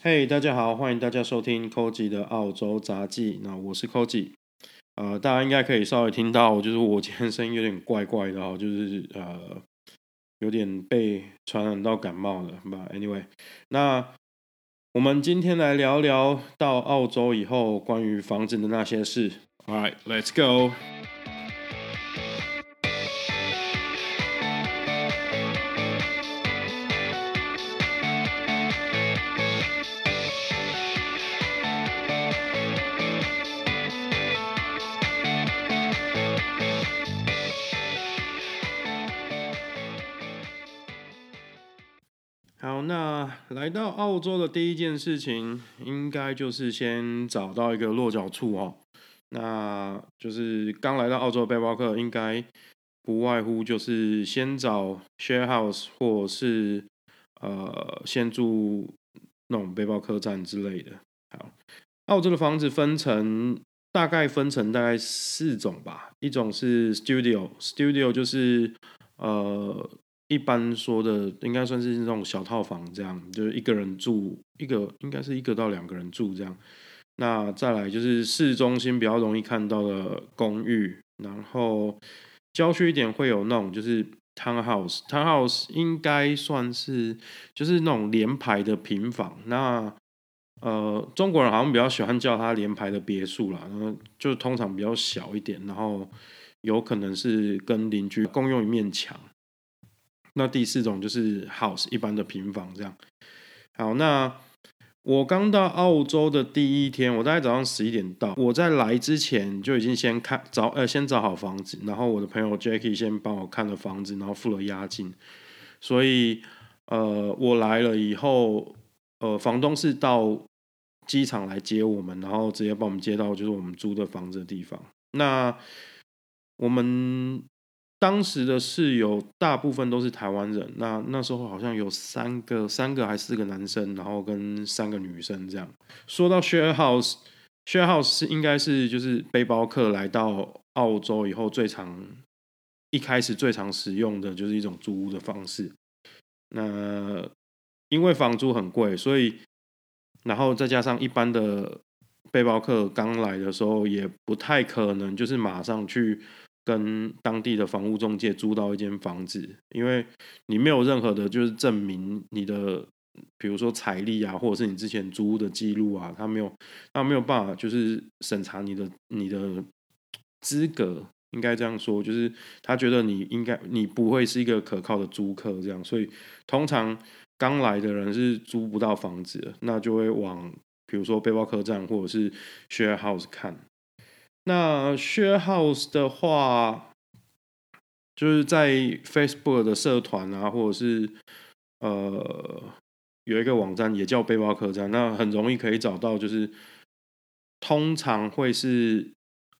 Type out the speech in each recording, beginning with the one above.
嘿，hey, 大家好，歡迎大家收聽 Cody 的澳洲雜記。那我是 Cody，呃，大家應該可以稍微聽到，就是我今天聲音有點怪怪的哦，就是呃，有點被傳染到感冒了。But Anyway，那我們今天來聊聊到澳洲以後關於房子的那些事。Alright，let's go。好，那來到澳洲的第一件事情，應該就是先找到一個落腳處哦。那就是剛來到澳洲的背包客，應該不外乎就是先找 share house，或是呃，先住那種背包客棧之類的。好，澳洲的房子分成大概分成大概四種吧，一種是 studio，studio 就是呃。一般說的應該算是那種小套房，這樣就是一個人住一個，應該是一個到兩個人住這樣。那再來就是市中心比較容易看到的公寓，然後郊區一點會有那種就是 townhouse，townhouse town 應該算是就是那種聯排的平房。那呃，中國人好像比較喜歡叫它聯排的別墅啦，然後就通常比較小一點，然後有可能是跟鄰居共用一面牆。那第四種就是 house，一般的平房這樣。好，那我剛到澳洲的第一天，我大概早上十一點到。我在來之前就已經先看找呃，先找好房子，然後我的朋友 Jackie 先幫我看了房子，然後付了押金。所以呃，我來了以後，呃，房東是到機場來接我們，然後直接幫我們接到就是我們租的房子的地方。那我們。當時的室友大部分都是台灣人，那那時候好像有三個、三個還是四個男生，然後跟三個女生這樣。說到 share house, share house，share house 應該是就是背包客來到澳洲以後最常、一開始最常使用的就是一種租屋的方式。那因為房租很貴，所以然後再加上一般的背包客剛來的時候也不太可能就是馬上去。跟當地的房屋中介租到一間房子，因為你沒有任何的，就是證明你的，比如說財力啊，或者是你之前租的記錄啊，他沒有，他沒有辦法，就是審查你的你的資格，應該這樣說，就是他覺得你應該，你不會是一個可靠的租客這樣，所以通常剛來的人是租不到房子，那就會往比如說背包客棧或者是 share house 看。那 share house 的話，就是在 Facebook 的社團啊，或者是呃有一個網站也叫背包客棧，那很容易可以找到。就是通常會是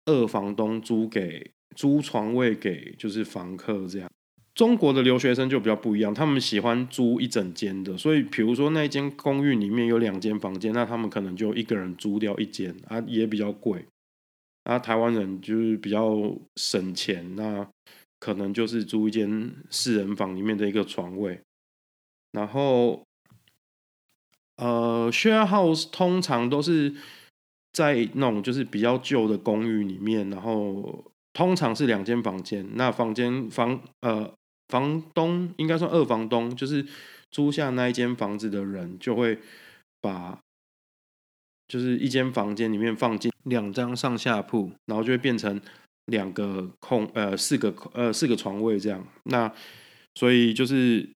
二房東租給租床位給就是房客這樣。中國的留學生就比較不一樣，他們喜歡租一整間的，所以比如說那一間公寓裡面有兩間房間，那他們可能就一個人租掉一間啊，也比較貴。那、啊、台灣人就是比較省錢，那可能就是租一間四人房裡面的一個床位，然後呃，share house 通常都是在那種就是比較舊的公寓裡面，然後通常是兩間房間，那房間房呃房東應該算二房東，就是租下那一間房子的人就會把。就是一間房間裡面放進兩張上下鋪，然後就會變成兩個空呃四個呃四個床位這樣。那所以就是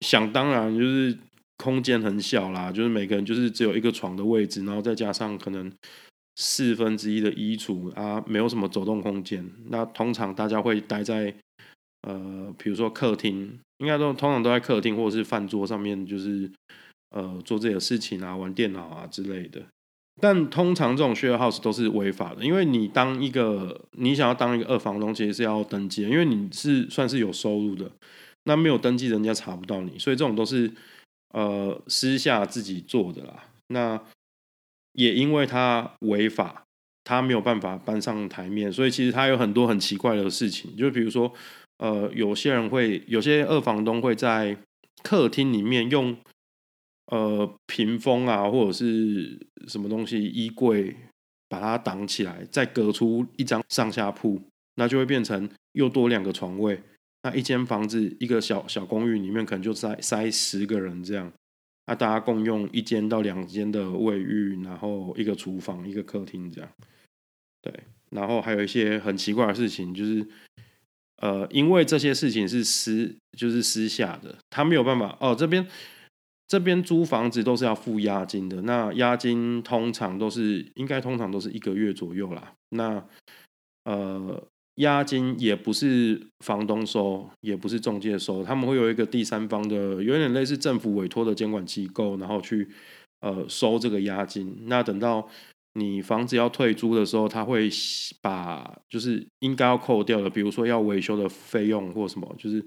想當然就是空間很小啦，就是每個人就是只有一個床的位置，然後再加上可能四分之一的衣櫥啊，沒有什麼走動空間。那通常大家會待在呃比如說客廳，應該都通常都在客廳或者是飯桌上面，就是呃做自己的事情啊，玩電腦啊之類的。但通常這種 share house 都是違法的，因為你當一個你想要當一個二房東，其實是要登記的，因為你是算是有收入的。那沒有登記人家查不到你，所以這種都是呃私下自己做的啦。那也因為他違法，他沒有辦法搬上台面，所以其實他有很多很奇怪的事情，就比如說呃，有些人會有些二房東會在客廳裡面用呃屏風啊，或者是。什麼東西？衣櫃把它擋起來，再隔出一張上下鋪，那就會變成又多兩個床位。那一間房子，一個小小公寓裡面，可能就塞塞十個人這樣。那、啊、大家共用一間到兩間的衛浴，然後一個廚房，一個客廳這樣。對，然後還有一些很奇怪的事情，就是呃，因為這些事情是私，就是私下的，他沒有辦法哦，這邊。這邊租房子都是要付押金的，那押金通常都是應該通常都是一個月左右啦。那呃，押金也不是房東收，也不是中介收，他們會有一個第三方的，有點類似政府委託的監管機構，然後去呃收這個押金。那等到你房子要退租的時候，他會把就是應該要扣掉的，比如說要維修的費用或什麼，就是。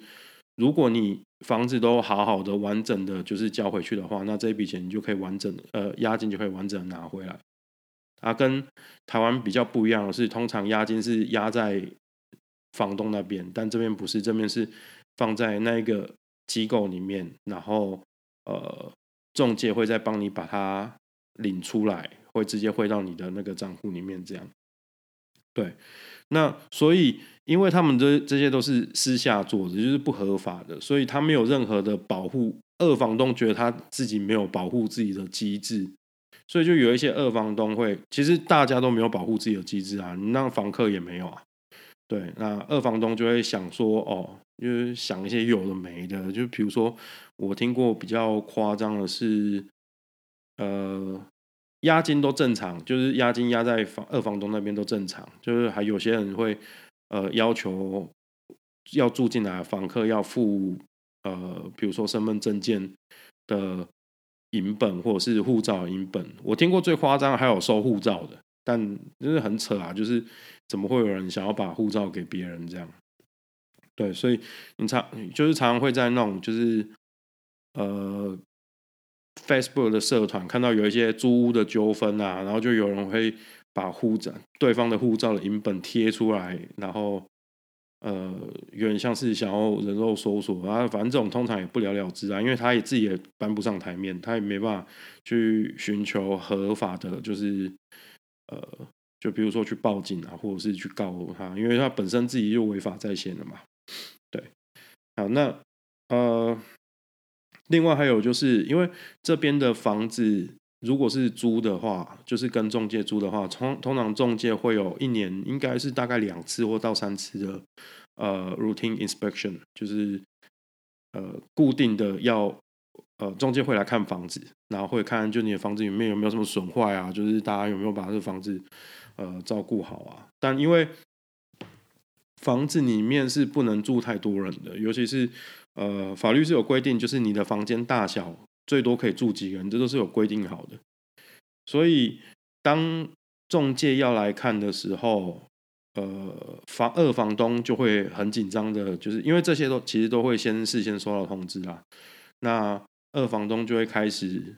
如果你房子都好好的，完整的，就是交回去的話，那這一筆錢你就可以完整，呃，押金就可以完整的拿回來。啊，跟台灣比較不一樣的是，通常押金是押在房東那邊，但這邊不是，這邊是放在那個機構裡面，然後呃，中介會再幫你把它領出來，會直接匯到你的那個賬戶裡面，這樣。對，那所以，因為他們這這些都是私下做的，就是不合法的，所以他沒有任何的保護。二房東覺得他自己沒有保護自己的機制，所以就有一些二房東會，其實大家都沒有保護自己的機制啊，你讓房客也沒有啊。對，那二房東就會想說，哦，就是想一些有的沒的，就比如說，我聽過比較誇張的是，呃。押金都正常，就是押金押在房，二房東那邊都正常，就是還有些人會，呃，要求要住進來房客要付呃，比如說身份證件的影本或者是護照影本，我聽過最誇張還有收護照的，但就是很扯啊，就是怎麼會有人想要把護照給別人這樣？對，所以你常就是常常會在那種就是呃。Facebook 的社團看到有一些租屋的糾紛啊，然後就有人會把護照、對方的護照的影本貼出來，然後呃，有點像是想要人肉搜索啊。反正這種通常也不了了之啊，因為他也自己也搬不上台面，他也沒辦法去尋求合法的，就是呃，就比如說去報警啊，或者是去告他，因為他本身自己就違法在先了嘛。對，好，那呃。另外還有就是因為這邊的房子，如果是租的話，就是跟中介租的話，通通常中介會有一年，應該是大概兩次或到三次的，呃，routine inspection，就是呃固定的要，呃，中介會來看房子，然後會看就你的房子裡面有沒有什麼損壞啊，就是大家有沒有把這房子呃照顧好啊。但因為房子裡面是不能住太多人的，尤其是。呃，法律是有規定，就是你的房間大小最多可以住幾個人，這都是有規定好的。所以當中介要來看的時候，呃，房二房東就會很緊張的，就是因為這些都其實都會先事先收到通知啦。那二房東就會開始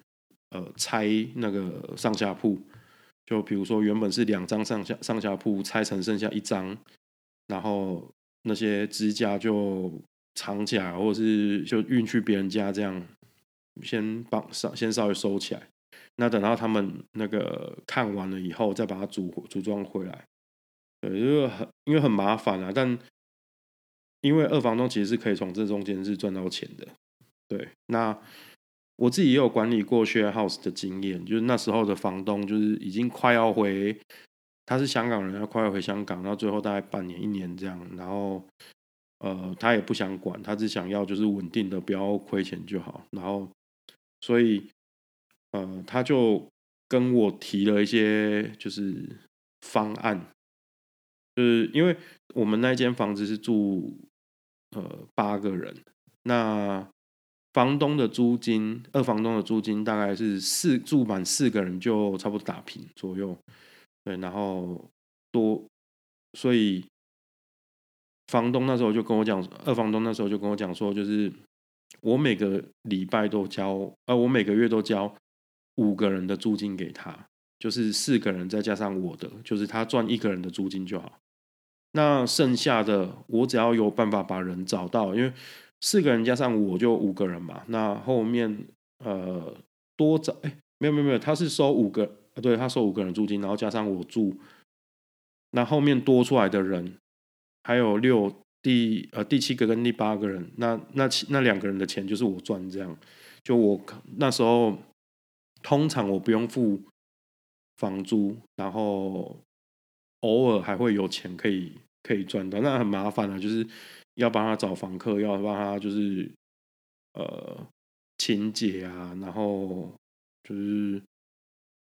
呃拆那個上下鋪，就比如說原本是兩張上下上下鋪，拆成剩下一張，然後那些支架就。藏起來，或者是就運去別人家這樣，先幫上，先稍微收起來。那等到他們那個看完了以後，再把它組組裝回來。對，就是很，因為很麻煩啊。但因為二房東其實是可以從這中間是賺到錢的。對，那我自己也有管理過 sharehouse 的經驗，就是那時候的房東就是已經快要回，他是香港人，要快要回香港，然後最後大概半年一年這樣，然後。呃，他也不想管，他只想要就是穩定的，不要虧錢就好。然後，所以，呃，他就跟我提了一些就是方案，就是因為我們那間房子是住呃八個人，那房東的租金，二房東的租金大概是四，住滿四個人就差不多打平左右，對，然後多，所以。房東那時候就跟我講，二房東那時候就跟我講說，就是我每個禮拜都交，呃，我每個月都交五個人的租金給他，就是四個人再加上我的，就是他賺一個人的租金就好。那剩下的我只要有辦法把人找到，因為四個人加上我就五個人嘛。那後面呃多找，誒，沒有沒有沒有，他是收五個，對，他收五個人租金，然後加上我住，那後面多出來的人。還有六第呃第七個跟第八個人，那那那兩個人的錢就是我賺這樣，就我那時候通常我不用付房租，然後偶爾還會有錢可以可以賺到，那很麻煩啊，就是要幫他找房客，要幫他就是呃清潔啊，然後就是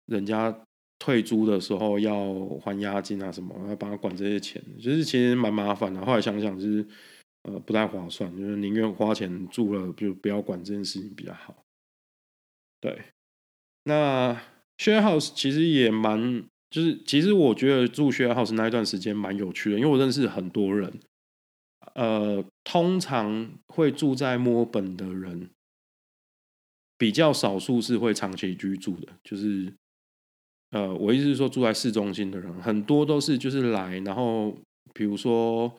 人家。退租的時候要還押金啊，什麼要幫他管這些錢，就是其實蠻麻煩的。後來想想，就是呃不太划算，就是寧願花錢住了，就不要管這件事情比較好。對，那 share house 其實也蠻，就是其實我覺得住 share house 那一段時間蠻有趣的，因為我認識很多人。呃，通常會住在墨爾本的人，比較少數是會長期居住的，就是。呃，我意思是說，住在市中心的人很多都是就是來，然後比如說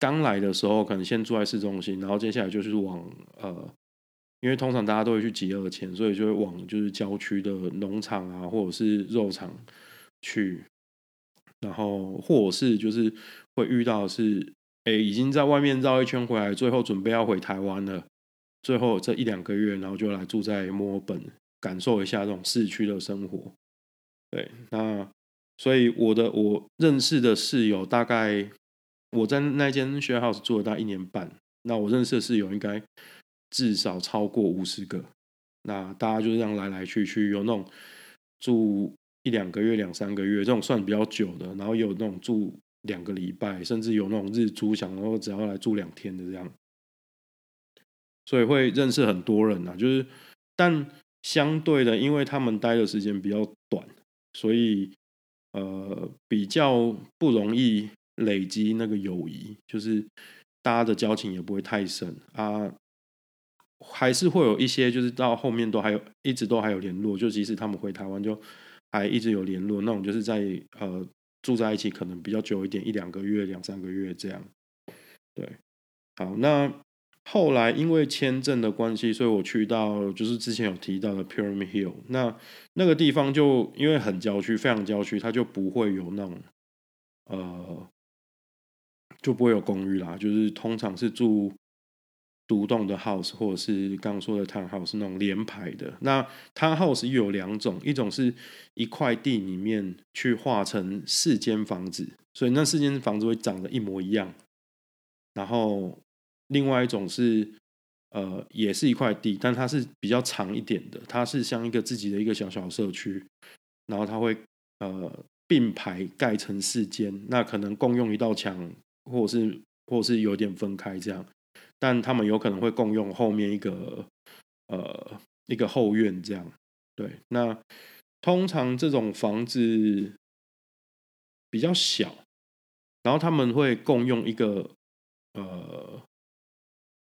剛來的時候可能先住在市中心，然後接下來就是往呃，因為通常大家都會去集二簽，所以就會往就是郊區的農場啊，或者是肉場去，然後或者是就是會遇到是哎，已經在外面繞一圈回來，最後準備要回臺灣了，最後這一兩個月，然後就來住在墨爾本，感受一下這種市區的生活。對，那所以我的我認識的室友大概我在那間 share house 住了大概一年半，那我認識的室友應該至少超過五十個。那大家就是這樣來來去去，有那種住一兩個月、兩三個月這種算比較久的，然後有那種住兩個禮拜，甚至有那種日租，想說只要來住兩天的這樣，所以會認識很多人啊。就是但相對的，因為他們待的時間比較短。所以，呃，比較不容易累積那個友誼，就是大家的交情也不會太深啊，還是會有一些，就是到後面都還有，一直都還有聯絡，就即使他們回台灣，就還一直有聯絡那種，就是在呃住在一起，可能比較久一點，一兩個月、兩三個月這樣。對，好，那。後來因為簽證的關係，所以我去到就是之前有提到的 Pyramid Hill，那那個地方就因為很郊區，非常郊區，它就不會有那種呃，就不會有公寓啦，就是通常是住獨棟的 house，或者是剛剛說的 town house，是那種連排的。那 town house 又有兩種，一種是一塊地裡面去劃成四間房子，所以那四間房子會長得一模一樣，然後。另外一種是，呃，也是一塊地，但它是比較長一點的，它是像一個自己的一個小小社區，然後它會呃並排蓋成四間，那可能共用一道牆，或是或是有點分開這樣，但他們有可能會共用後面一個呃一個後院這樣。對，那通常這種房子比較小，然後他們會共用一個呃。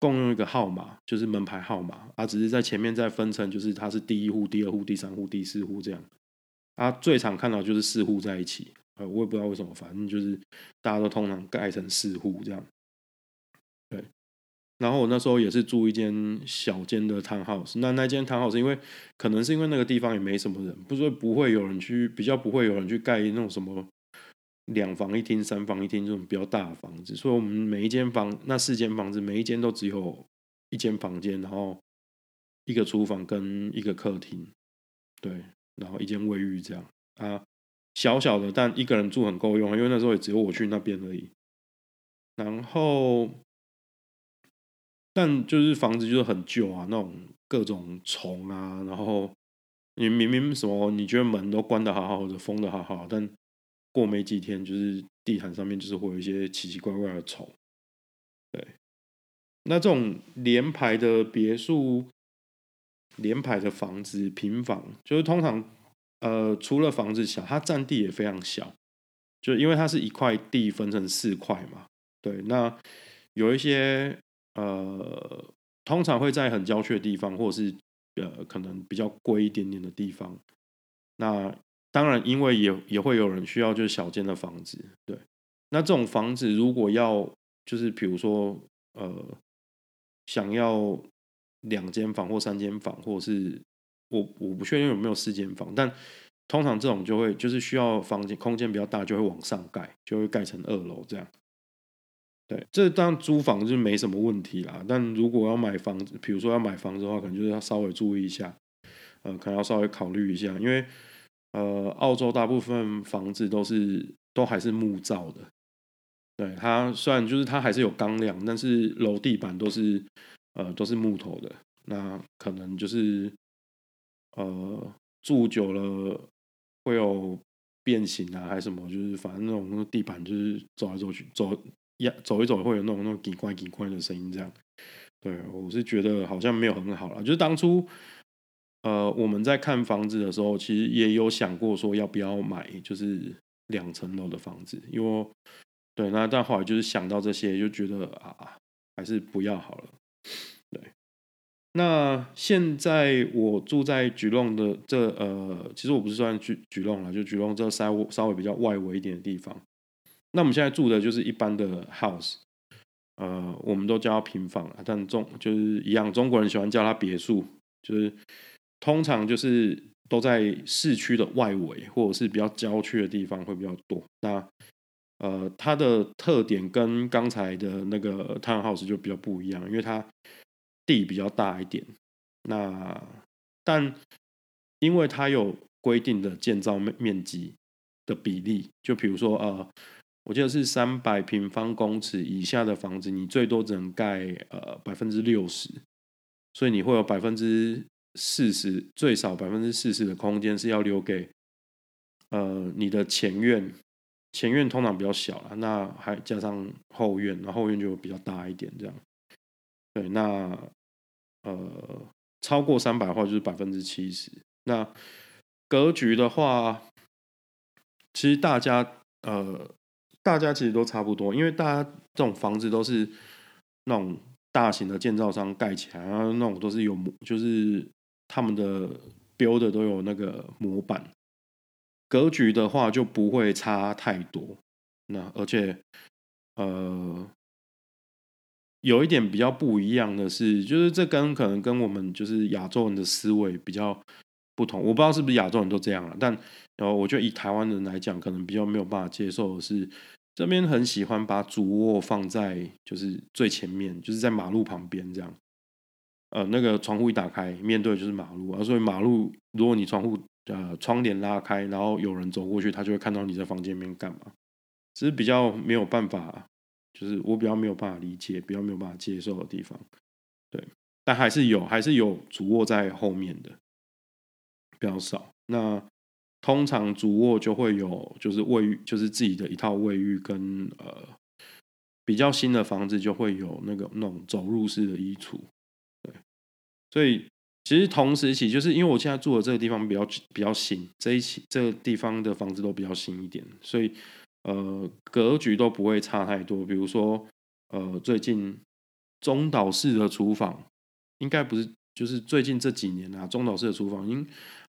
共用一個號碼，就是門牌號碼啊，只是在前面再分成，就是它是第一戶、第二戶、第三戶、第四戶這樣。啊，最常看到就是四戶在一起，呃，我也不知道為什麼，反正就是大家都通常蓋成四戶這樣。對，然後我那時候也是住一間小間的 townhouse，那那間 townhouse 因為可能是因為那個地方也沒什麼人，不是說不會有人去，比較不會有人去蓋那種什麼。兩房一廳、三房一廳這種比較大的房子，所以我們每一間房，那四間房子，每一間都只有一間房間，然後一個廚房跟一個客廳，對，然後一間衛浴這樣啊，小小的，但一個人住很夠用，因為那時候也只有我去那邊而已。然後，但就是房子就是很舊啊，那種各種蟲啊，然後你明明什麼，你覺得門都關得好好，或者封得好好，但。過沒幾天，就是地毯上面就是會有一些奇奇怪怪的蟲。對，那這種連排的別墅、連排的房子、平房，就是通常呃，除了房子小，它占地也非常小，就因為它是一塊地分成四塊嘛。對，那有一些呃，通常會在很郊區的地方，或者是呃，可能比較貴一點點的地方，那。當然，因為也也會有人需要就是小間的房子，對。那這種房子如果要就是比如說呃，想要兩間房或三間房，或是我我不確定有沒有四間房，但通常這種就會就是需要房間空間比較大，就會往上蓋，就會蓋成二樓這樣。對，這當然租房是沒什麼問題啦，但如果要買房子，比如說要買房子的話，可能就是要稍微注意一下，呃，可能要稍微考慮一下，因為。呃，澳洲大部分房子都是都還是木造的，對，它雖然就是它還是有鋼樑，但是樓地板都是呃都是木頭的，那可能就是呃住久了會有變形啊，還是什麼，就是反正那種地板就是走來走去走呀走一走會有那種那種幾塊幾塊的聲音這樣，對，我是覺得好像沒有很好啦，就是當初。呃，我們在看房子的時候，其實也有想過說要不要買，就是兩層樓的房子，因為對，那但後來就是想到這些，就覺得啊，還是不要好了。對，那現在我住在 Geelong 的這呃，其實我不是算 Geelong 啦，就 Geelong 這稍微稍微比較外圍一點的地方。那我們現在住的就是一般的 house，呃，我們都叫它平房啦，但中就是一樣，中國人喜歡叫它別墅，就是。通常就是都在市區的外圍或者是比較郊區的地方會比較多。那呃，它的特點跟剛才的那個太陽 House 就比較不一樣，因為它地比較大一點。那但因為它有規定的建造面積的比例，就比如說呃，我記得是三百平方公尺以下的房子，你最多只能蓋呃百分之六十，所以你會有百分之。四十，最少百分之四十的空間是要留給，呃，你的前院，前院通常比較小了，那還加上後院，然後後院就比較大一點，這樣，對，那呃超過三百的話就是百分之七十，那格局的話，其實大家呃大家其實都差不多，因為大家這種房子都是那種大型的建造商蓋起來，然後那種都是有就是。他們的標的、er、都有那個模板，格局的話就不會差太多。那而且呃，有一點比較不一樣的是，就是這跟可能跟我們就是亞洲人的思維比較不同。我不知道是不是亞洲人都這樣了、啊，但然後、呃、我覺得以台灣人來講，可能比較沒有辦法接受的是這邊很喜歡把主臥放在就是最前面，就是在馬路旁邊這樣。呃，那個窗戶一打開，面對就是馬路啊，所以馬路，如果你窗戶呃窗簾拉開，然後有人走過去，他就會看到你在房間裡面幹嘛，只是比較沒有辦法，就是我比較沒有辦法理解，比較沒有辦法接受的地方，對，但還是有，還是有主臥在後面的比較少，那通常主臥就會有就是衛浴，就是自己的一套衛浴跟呃比較新的房子就會有那個那種走入式的衣櫥。所以其實同時期，就是因為我現在住的這個地方比較比較新，這一期這個地方的房子都比較新一點，所以呃格局都不會差太多。比如說呃最近中島式的廚房，應該不是就是最近這幾年啊中島式的廚房，應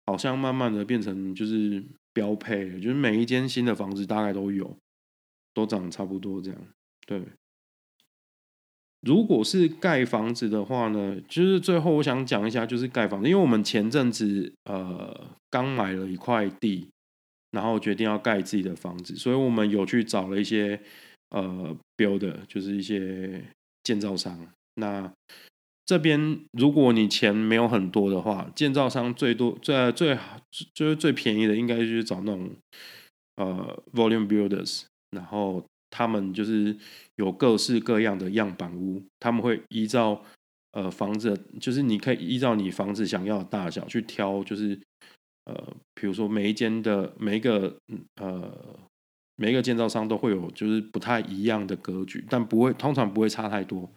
好像慢慢的變成就是標配，就是每一間新的房子大概都有，都長差不多這樣，對。如果是蓋房子的話呢，就是最後我想講一下，就是蓋房子，因為我們前陣子呃剛買了一塊地，然後決定要蓋自己的房子，所以我們有去找了一些呃 builder，就是一些建造商。那這邊如果你錢沒有很多的話，建造商最多最最好就是最便宜的，應該就是找那種呃 volume builders，然後。他們就是有各式各樣的樣板屋，他們會依照呃房子，就是你可以依照你房子想要的大小去挑，就是呃，比如說每一間的每一個呃每一個建造商都會有，就是不太一樣的格局，但不會通常不會差太多。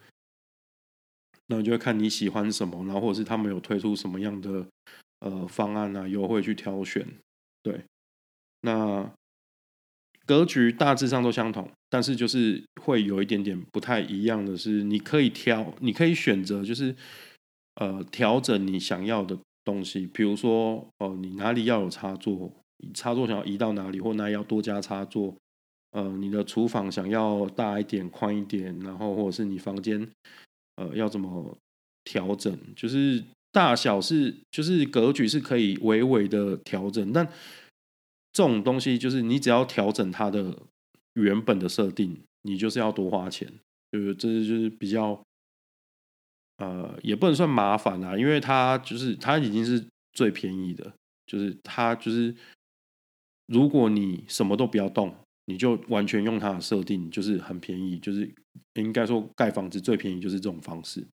那你就會看你喜歡什麼，然後或者是他們有推出什麼樣的呃方案啊優惠去挑選，對，那。格局大致上都相同，但是就是會有一點點不太一樣的是，你可以挑，你可以選擇，就是呃調整你想要的東西，比如說哦，呃，你哪裡要有插座，插座想要移到哪裡，或哪裡要多加插座，呃，你的廚房想要大一點、寬一點，然後或者是你房間呃要怎麼調整，就是大小是就是格局是可以微微的調整，但。這種東西就是你只要調整它的原本的設定，你就是要多花錢，就是這就是比較，呃，也不能算麻煩啦、啊，因為它就是它已經是最便宜的，就是它就是如果你什麼都不要動，你就完全用它的設定，就是很便宜，就是應該說，蓋房子最便宜就是這種方式，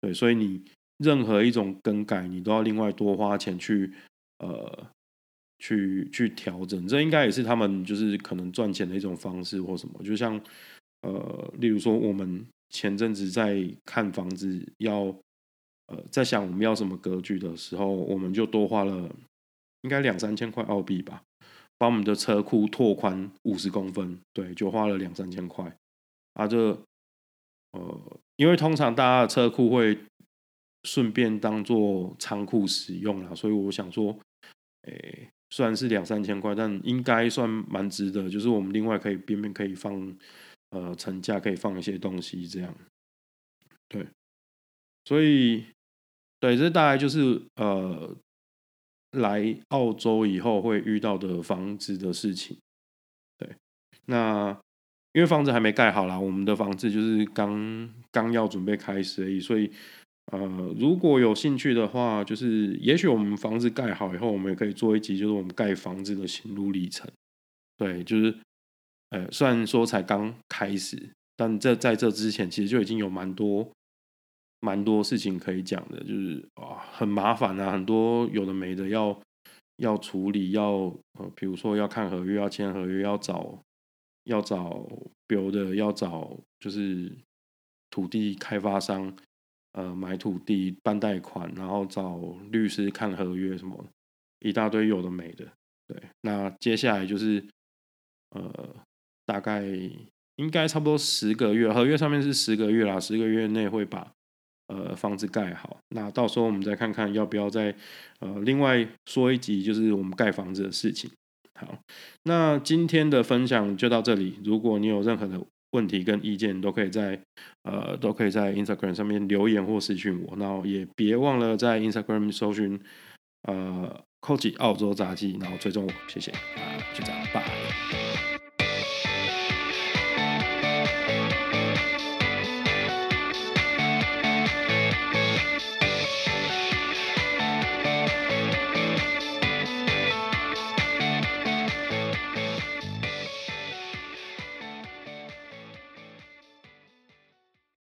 對，所以你任何一種更改，你都要另外多花錢去，呃。去去調整，這應該也是他們就是可能賺錢的一種方式或什麼。就像呃，例如說，我們前陣子在看房子要，要呃在想我們要什麼格局的時候，我們就多花了應該兩三千塊澳幣吧，把我們的車庫拓寬五十公分，對，就花了兩三千塊。啊，這呃，因為通常大家的車庫會順便當做倉庫使用啦，所以我想說，誒、欸。雖然是兩三千塊，但應該算蠻值得。就是我們另外可以邊邊可以放，呃，層架可以放一些東西，這樣。對，所以，對，這大概就是呃，來澳洲以後會遇到的房子的事情。對，那因為房子還沒蓋好啦，我們的房子就是剛剛要準備開始而已，所以。呃，如果有興趣的話，就是也許我們房子蓋好以後，我們也可以做一集，就是我們蓋房子的心路歷程。對，就是，呃，雖然說才剛開始，但這在這之前，其實就已經有蠻多、蠻多事情可以講的。就是啊，很麻煩啊，很多有的沒的要要處理，要呃，比如說要看合約，要簽合約，要找要找 builder，要找就是土地開發商。呃，買土地、辦貸款，然後找律師看合約什麼，一大堆有的沒的。對，那接下來就是呃，大概應該差不多十個月，合約上面是十個月啦，十個月內會把呃房子蓋好。那到時候我們再看看要不要再呃另外說一集，就是我們蓋房子的事情。好，那今天的分享就到這裡。如果你有任何的問題跟意見都可以在，呃，都可以在 Instagram 上面留言或私訊我，然後也別忘了在 Instagram 搜尋，呃，coach 澳洲雜技，然後追蹤我，謝謝，就這樣吧。Bye